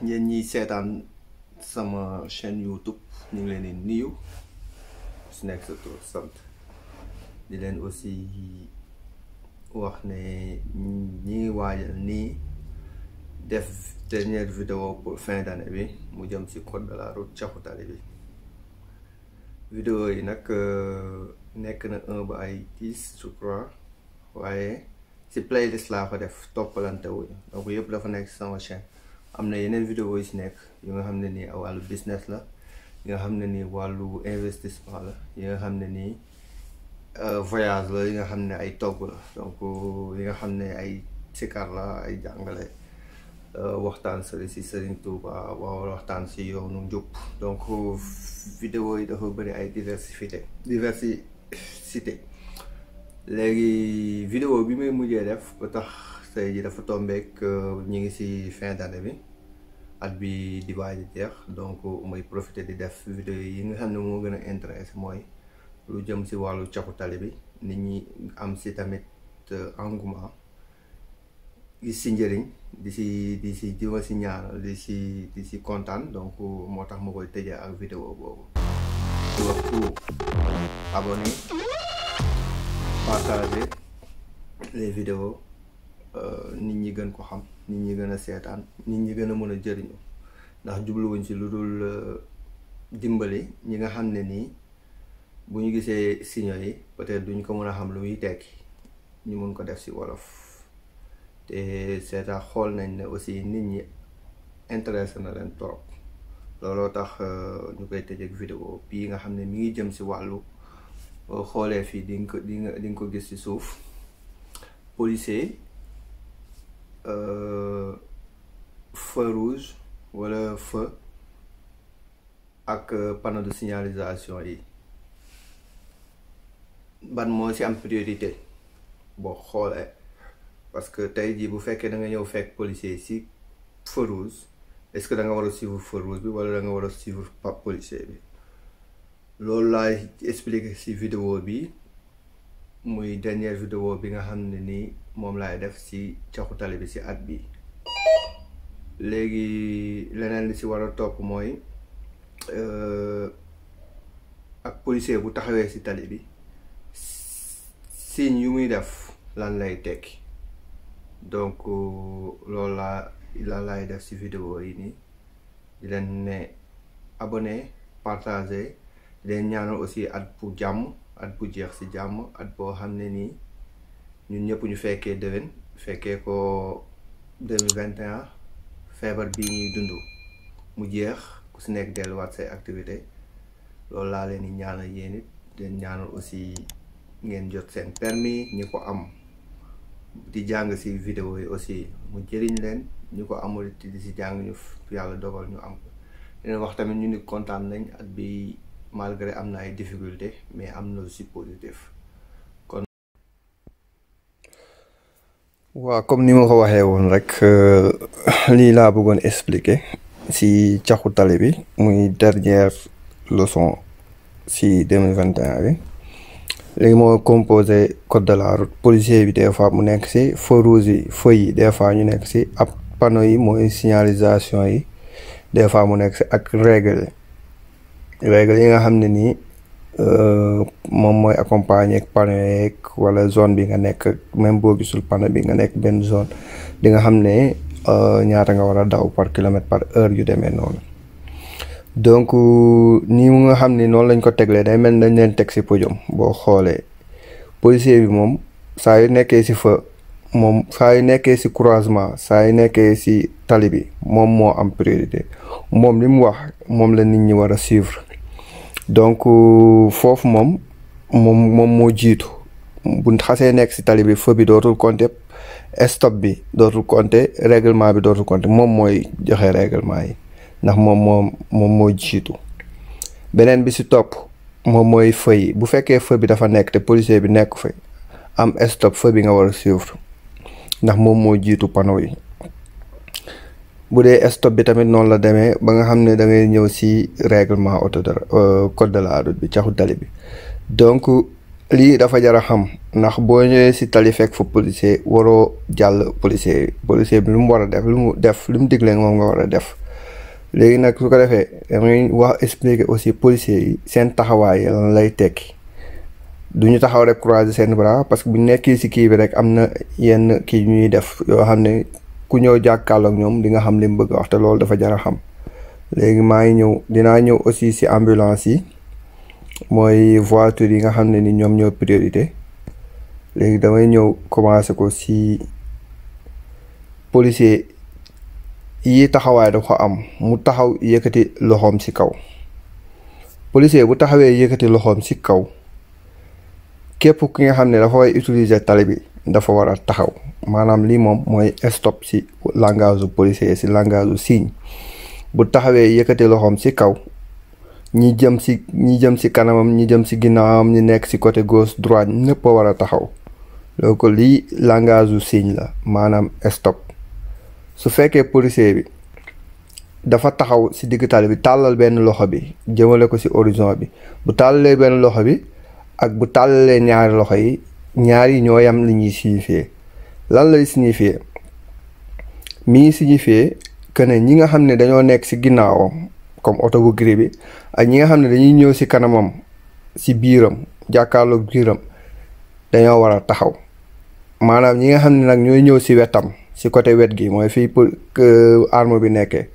ñeen ñi seetaan sama chaîne YouTube ñu ngi leen di nuyu su nekk sa tur sant di leen aussi wax ne ñi waajal nii def dernière vidéo pour fin bi mu jëm si code de la route bi vidéo yi nag nekk na un ba ay dix je crois waaye si playlist laa fa def toppalante wuñu donc yëpp dafa nekk sa sama am na yeneen vidéo yu si nekk yi nga xam ne nii wàllu business la yi nga xam ne nii wàllu investissement la yi nga xam ne nii uh, voyage la yi nga xam ne ay togg la donc yi nga xam ne ay sikar la uh, ay jàngale waxtaan sëriñ si Sëriñ Tuuba waaw waxtaan si yoonu njub donc vidéo yi dafa bëri ay diversité diversité léegi vidéo bi may mujjee def ba tax tey ji dafa tombeek euh, ñu ngi ci fin d'année bi at bi di waaj a jeex donc mooy profiter di def vidéo yi nga xam ne moo gën a intéressé mooy lu jëm ci wàllu caxu tali bi nit ñi am ci tamit euh, engouement gis ci njëriñ di ci di ci jima ci ñaar di ci di ci kontaan donc moo tax ma koy tëjee ak vidéo boobu. abonné partager les vidéos euh, nit ñi gën ko xam nit ñi gën a seetaan nit ñi gën a mën a jëriñu ndax jubluwuñ ci lu dul euh, dimbali ñi nga xam ne nii bu ñu gisee signaux yi peut-être duñ ko mën a xam lu muy tekki ñu mën ko def ci wolof te seetaan xool nañ ne aussi nit ñi intéressé na leen trop looloo tax euh, ñu koy tëj ak vidéo bii nga xam ne mi ngi jëm ci wàllu boo xoolee fii dinga ko di nga di nga ko gis ci suuf policier euh, feu rouge wala feu ak euh, panneau de signalisation yi ban moo ci am priorité boo xoolee parce que tey jii bu fekkee danga ñëw fekk policier ci feu rouge est-ce que da nga war a suivre feu rouge bi wala da nga war a suivre policier bi. loolu laay expliquer ci vidéo bi muy dernière vidéo bi nga xam ne nii moom laay def ci caxu tali bi ci at bi léegi leneen li ci war a topp mooy euh, ak policier bu taxawee ci tali bi signe yu muy def lan lay tekki donc loolu laa lan lay def ci vidéo yi nii di leen ne abonné partager leen ñaanal aussi at bu jàmm at bu jeex si jàmm at boo xam ne nii ñun ñëpp ñu fekkee déwén fekkee ko 2021 feebar bii ñuy dund mu jeex ku si nekk delluwaat say activité loolu laa leen di ñaanal yéen it leen ñaanal aussi ngeen jot seen permis ñi ko am di jàng si video yi aussi mu jëriñ leen ñu ko amul di si jàng ñu yàlla dogal ñu am ko leen wax tamit ñu ni kontaan nañ at bi malgré am na ay difficulté mais am na aussi positif kon. waaw comme ni ma ko waxee woon rek euh, lii laa bëggoon expliquer si caxu tali bi muy dernière leçon si deux mille vingt et un bi léegi moo composé code de la route policier bi des fois mu nekk si feu rouge yi feu yi des fois ñu nekk si ab panneau yi mooy signalisation yi des fois mu nekk si ak règle léegi yi nga xam ne nii euh, moom mooy accompagner ak panneau yeeg wala zone bi nga nekk même boo gisul panneau bi nga nekk benn zone di nga xam ne euh, ñaata nga war a daw par kilomètre par heure yu demee noonu donc nii mu nga xam ni noonu lañ ko teglee day mel dañ leen teg si podium boo xoolee policier bi moom saa yu nekkee si fa moom saa yu nekkee si croisement saa yu nekkee si tali bi moom moo am priorité moom li mu wax moom la nit ñi war a suivre donc euh, foofu moom moom moom moo jiitu bu xasee nekk si tali bi feu bi dootul compter stop bi dootul compter réglement bi dootul compter moom mooy joxe règlement yi ndax moom moom moom moo jiitu beneen bi si topp moom mooy feu bu fekkee feu bi dafa nekk te policier bi nekk fa am stop feu bi nga war a suivre ndax moom moo jiitu panneau yi bu dee stop bi tamit noonu la demee ba nga xam ne da ñëw si réglement auto de euh, code de la route bi caxu tali bi donc lii dafa jar a xam ndax boo ñëwee si tali fekk fu policier waroo jàll policier yi policier bi lu mu war a def lu mu def lu mu digle moom nga war a def léegi nag su ko defee damay wax expliquer aussi policier yi seen taxawaay lan lay tekki duñu taxaw rek croiser seen bras parce que bu nekkee si kii bi rek am na yenn kii ñuy def yoo xam ne ku ñëw jàkkaarloog ñoom di nga xam li mu bëgg a wax loolu dafa jara xam léegi maa ngi ñëw dinaa ñëw aussi ci ambulance yi mooy voiture yi nga xam ne ni ñoom ñoo priorité léegi damay ñëw commencé ko ci policier yi taxawaay dafa am mu taxaw yëkkati loxoom ci kaw policier bu taxawee yëkkati loxoom ci kaw képp ki nga xam ne dafa koy utiliser tali bi dafa war a taxaw maanaam lii moom mooy stop si langage u policier si langage u bu taxawee yëkkati loxoom si kaw ñi jëm si ñi jëm si kanamam ñi jëm si ginnaawam ñi nekk si côté gauche droite ñëpp a war a taxaw loo ko lii langage u la maanaam stop su fekkee policier bi dafa taxaw si diggu tali bi tàllal benn loxo bi jëmale ko si horizon bi bu tàllalee benn loxo bi ak bu tàllalee ñaari loxo yi ñaar yi ñoo yam li ñuy signifier lan lay signifier mi ngi signifier que ne ñi nga xam ne dañoo nekk ci ginnaawam comme oto bu gris bi ak ñi nga xam ne dañuy ñëw si kanamam si biiram jàkkaarlook biiram dañoo war a taxaw maanaam ñi nga xam ne nag ñooy ñëw si wetam si côté wet gi mooy fii pour arme bi nekkee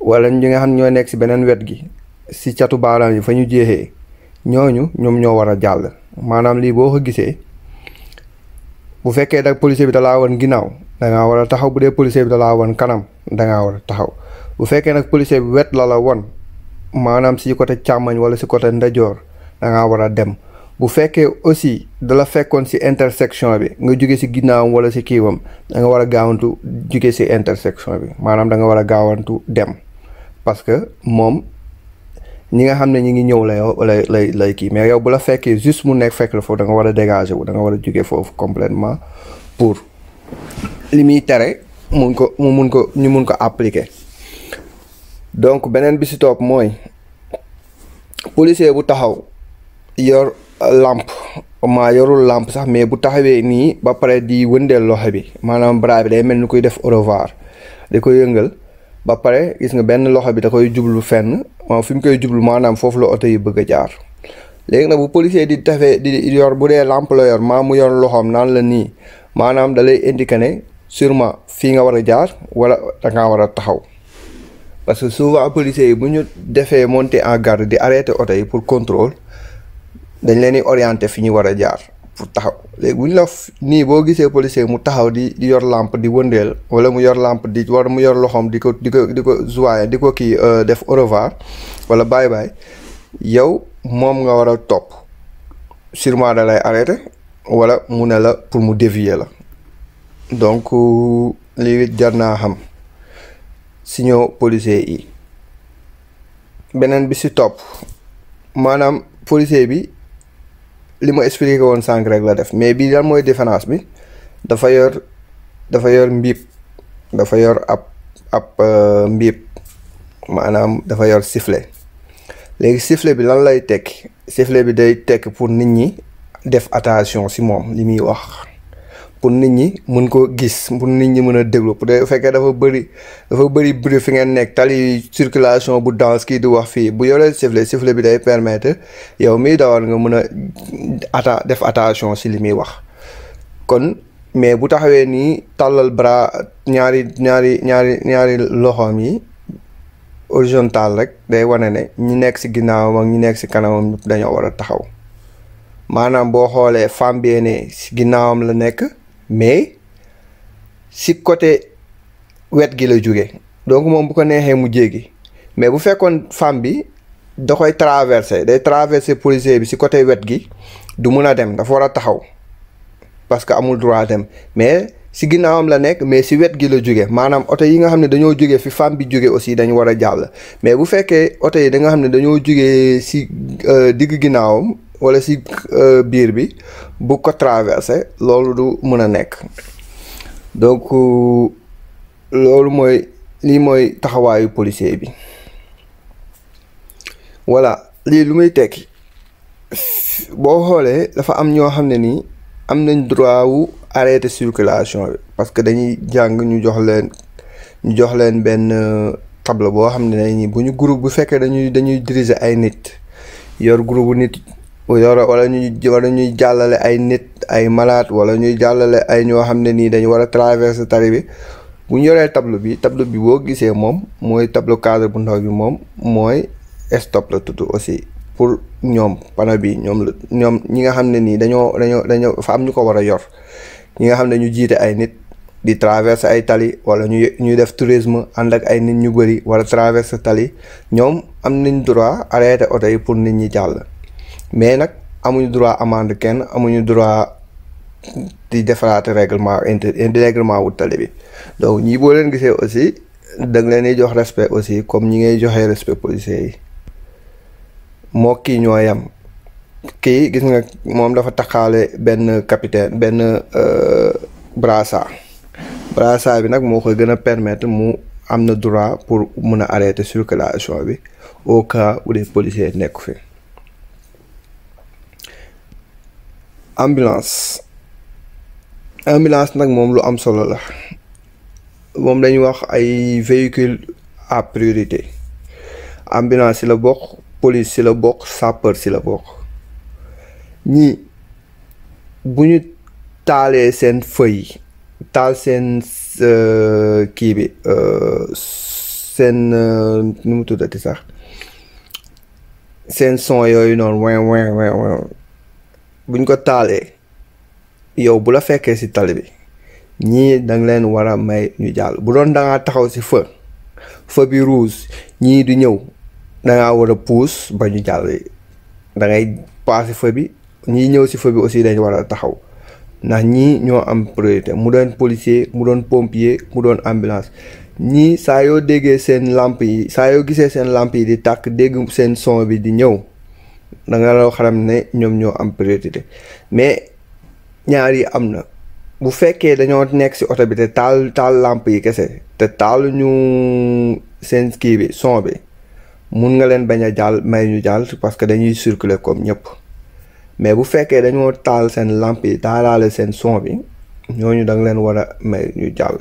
walla ñi nga xam ne ñoo nekk si beneen wet gi si catu baaraam yi fa ñu jeexee ñooñu ñoom ñoo war a jàll. maanaam lii boo ko gisee bu fekkee da policier bi dalaa laa wan ginnaaw da ngaa war a taxaw bu dee policier bi da laa wan kanam da ngaa war a taxaw bu fekkee nag policier bi wet la la wan maanaam si côté càmmañ wala si côté ndajoor da ngaa war a dem bu fekkee aussi da la fekkoon si intersection bi nga jóge si ginnaawam wala si kiiwam da nga war a gaawantu jóge si intersection bi maanaam da nga war a gaawantu dem parce que moom ñi nga xam ne ñi ngi ñëw la yow lay lay lay kii mais yow bu la fekkee juste mu nekk fekk la foofu da nga war a dégager wu war a juge foofu complètement pour li muy tere mun ko mu mun ko ñu mun ko appliquer donc beneen bi si topp mooy policier bu taxaw yor làmp maa yorul làmp sax mais bu taxawee nii ba pare di wëndeel loxo bi maanaam bras bi day mel ni kuy def au revoir di ko yëngal ba pare gis nga benn loxo bi da koy jublu fenn fi ñu koy jublu maanaam foofu la oto yi bëgg a jaar léegi nag bu policier di defee di yor bu dee lampe la yor maa mu yor loxoom naan la nii maanaam dalay lay indiqué ne sûrement fii nga war a jaar wala da ngaa war a taxaw parce que souvent policiers yi bu ñu defee monter en garde di arrêter oto yi pour contrôle dañ leen di orienter fi ñu war a jaar pour taxaw léegi bu ñu la nii boo gisee policier mu taxaw di yor làmp di wëndeel wala mu yor làmp di war mu yor loxoom di ko di ko di ko joye di ko kii euh, def au revoir wala baay bye yow moom nga war a topp sûrement da lay arrêté wala mu ne la pour mu dévier la donc euh, lii jar naa xam signaux policiers yi beneen bi si topp maanaam policier bi li ma explique woon sànq rek la def mais bii daal mooy différence bi dafa yor dafa yor mbiib dafa yor ab ab euh, mbiib maanaam dafa yor sifflet léegi sifflet bi lan lay tekki sifflet bi day tekk pour nit ñi def attention si moom li muy wax pour nit ñi mën koo gis pour nit ñi mën a déglu bu fekkee dafa bëri dafa bëri bruit fi ngeen nekk tali circulation bu danse kii di wax fii bu yoree sifflet sifflet bi day permettre yow miy dawal nga mën a atta def attention si li muy wax kon mais bu taxawee nii tàllal bras ñaari ñaari ñaari ñaari loxoom yi horizontal rek day wane ne ñi nekk si ginnaawam ak ñi nekk si kanamam dañoo war a taxaw maanaam boo xoolee femme bi ne si ginnaawam la nekk mais si côté wet gi la jóge donc moom bu ko neexee mu jéggi mais bu fekkoon femme bi da koy traversé day traversé policier bi si côté wet gi du mun a dem dafa war a taxaw parce que amul droit dem mais si ginnaawam la nekk mais si wet gi la jóge maanaam oto yi nga xam ne dañoo jóge fi femme bi jóge aussi dañu war a jàll mais bu fekkee oto danga xam ne dañoo jóge si euh, digg ginnaawam wala si euh, biir bi bu ko traversé loolu du mën a nekk donc euh, loolu mooy lii mooy taxawaayu policier bi voilà lii lu may tekki boo xoolee dafa am ñoo xam ne nii am nañ droit wu arrêté circulation bi parce que dañuy jàng ñu jox leen ñu jox leen benn euh, table boo xam ne nii bu ñu groupe bu fekkee dañuy dañuy diriger ay nit yor groupe nit wala ñuy wala ñuy jàllale ay nit ay malaat wala ñuy jàllale ay ñoo xam ne nii dañu war a traverser tali bi bu ñu yoree tableau bi tableau bi boo gisee moom mooy tableau cadre bu ndaw bi moom mooy stop la tudd aussi pour ñoom panneau bi ñoom la ñoom ñi nga xam ne nii dañoo dañoo dañoo fa am ñu ko war a yor ñi nga xam ne ñu jiite ay nit di traverser ay tali wala ñu ñuy def tourisme ànd ak ay nit ñu bëri wala traverser tali ñoom am nañ droit arrêter oto yi pour nit ñi jàll. mais nag amuñu droit amende kenn amuñu droit di defaraat règlement inter règlement wu tali bi donc ñii boo leen gisee aussi da leen di jox respect aussi comme ñi ngay joxee respect policiers yi moo kii ñoo yam kii gis nga moom dafa taxaale benn capitaine benn brassard euh, brassard bi nag moo koy gën a permettre mu am na droit pour mun a arrêter circulation bi au cas où les policiers nekku fi ambulance ambulance nag moom lu am solo la moom lañuy wax ay véhicule à priorité ambulance ci la bokk police ci la bokk sapeur ci la bokk ñii bu ñu taalee seen feuille taal seen euh, kii bi euh, seen euh, nu mu tuddati sax seen son yooyu noonu wen wen wen buñ ko taalee yow bu la fekkee si tali bi ñii danga leen war a may ñu jàll bu doon dangaa taxaw si fa feu bi rouge ñii di ñëw dangaa war puus ba ñu jàll da ngay passé feu bi ñii ñëw si fa bi aussi dañ war a taxaw ndax ñii ñoo am priorité mu doon policier mu doon pompier mu doon ambulance ñii saa yoo déggee seen làmp yi saa yoo gisee seen làmp yi di tàkk dégg seen son bi di ñëw da nga loo ne ñoom ñoo am priorité mais ñaar am na bu fekkee dañoo nekk ci oto bi te taal taal làmp yi kese te taal ñu seen kii bi son bi mun nga leen bañ a jàll may ñu jàll parce que dañuy circuler comme ñëpp mais bu fekkee dañoo taal seen làmp yi taalaale seen son bi ñooñu da leen war a may ñu jàll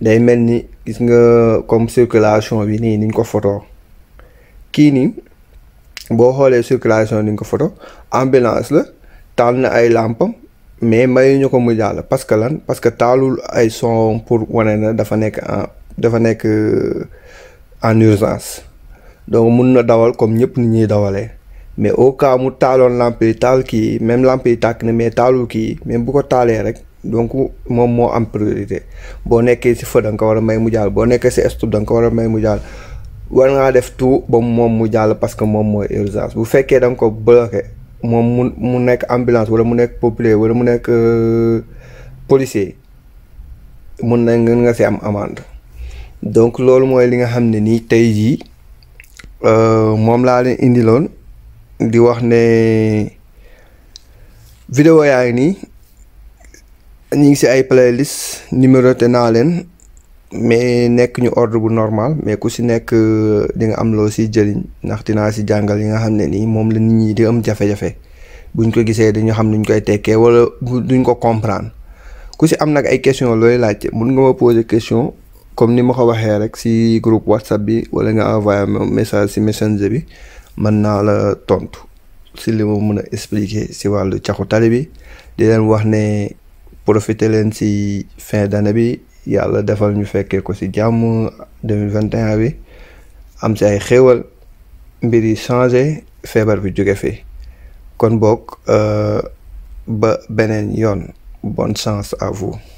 day mel ni gis nga comme circulation bi nii niñ ko photo kii nii boo xoolee circulation di nga ko photo ambulance la taal na ay làmpam mais mayuñu ko mu jàll parce que lan parce que taalul ay son pour wane na dafa nekk en dafa nekk euh, en urgence donc mun na dawal comme ñëpp ni ñuy dawalee mais au cas mu taaloon lampe yi taal kii même lampe yi tàkk na mais taalul kii même bu ko taalee rek donc moom moo am priorité boo nekkee si feu da nga ko war a may mu boo nekkee si stop da nga ko war a may mu jàll war ngaa def tout ba moom mu jàll parce que moom mooy urgence bu fekkee da nga ko bloqué moom mu mu nekk ambulance wala mu nekk populaire wala mu nekk euh, policier mun na ngeen nga si am amende donc loolu mooy li nga xam ne nii tey jii euh, moom laa leen indiloon di wax ne vidéo yaa ngi nii ñu ngi si ay playlist numéroté naa leen mais nekk ñu ordre bu normal mais ku si nekk euh, di nga am loo si jëriñ ndax dinaa si jàngal yi nga xam ne nii moom la nit ñi di am jafe-jafe ñu ko gisee dañu xam nuñ koy tekkee wala duñ ko comprendre ku si am nag ay question looy laaj mun nga ma poser question comme ni ma ko waxee rek si groupe whatsapp bi wala nga envoyé message si messenger bi mën naa la tontu si limo ma mun a expliquer si wàllu caxu tali bi di leen wax ne profité leen si fin d'année bi yàlla defal ñu fekkee ko ci jàmm 2021 bi am ci ay xéewal mbir yi changé feebar bi jóge fi kon boog euh, ba beneen yoon bon chance à vous